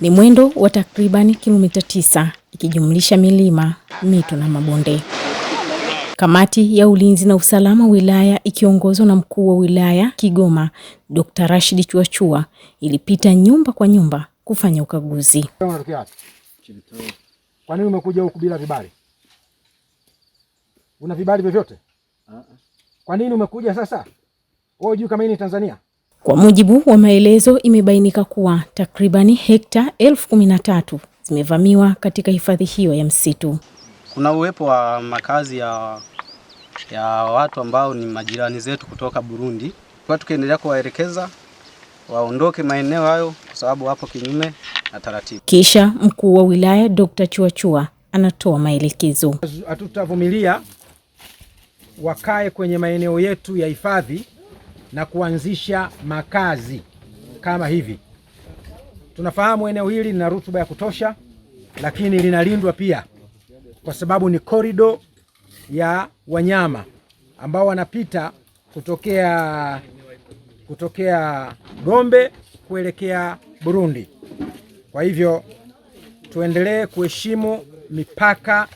Ni mwendo wa takribani kilomita tisa ikijumlisha milima, mito na mabonde. Kamati ya ulinzi na usalama wilaya ikiongozwa na mkuu wa wilaya Kigoma Dr. Rashid Chuachua ilipita nyumba kwa nyumba kufanya ukaguzi. Kwa nini umekuja huku bila vibali? Una vibali vyovyote? Ah, ah. Kwa nini umekuja sasa? Wewe unajua kama hii ni Tanzania? Kwa mujibu wa maelezo, imebainika kuwa takribani hekta elfu kumi na tatu zimevamiwa katika hifadhi hiyo ya msitu. Kuna uwepo wa makazi ya, ya watu ambao ni majirani zetu kutoka Burundi, kwa tukiendelea kuwaelekeza waondoke maeneo hayo kwa sababu wapo kinyume na taratibu. Kisha mkuu wa wilaya Dr. Chuachua anatoa maelekezo. Hatutavumilia wakae kwenye maeneo yetu ya hifadhi na kuanzisha makazi kama hivi. Tunafahamu eneo hili lina rutuba ya kutosha, lakini linalindwa pia kwa sababu ni korido ya wanyama ambao wanapita kutokea kutokea Gombe kuelekea Burundi. Kwa hivyo tuendelee kuheshimu mipaka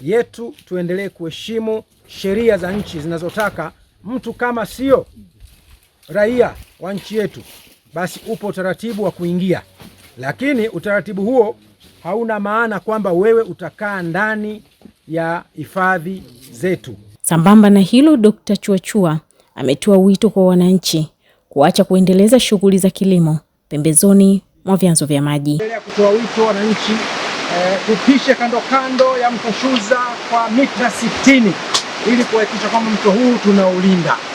yetu, tuendelee kuheshimu sheria za nchi zinazotaka mtu kama sio raia wa nchi yetu, basi upo utaratibu wa kuingia, lakini utaratibu huo hauna maana kwamba wewe utakaa ndani ya hifadhi zetu. Sambamba na hilo, Dkt. Chuachua ametoa wito kwa wananchi kuacha kuendeleza shughuli za kilimo pembezoni mwa vyanzo vya maji. Kutoa wito wananchi eh, kupisha eh, kando kando ya mto Shuza kwa mita sitini ili kuhakikisha kwamba mto huu tunaulinda.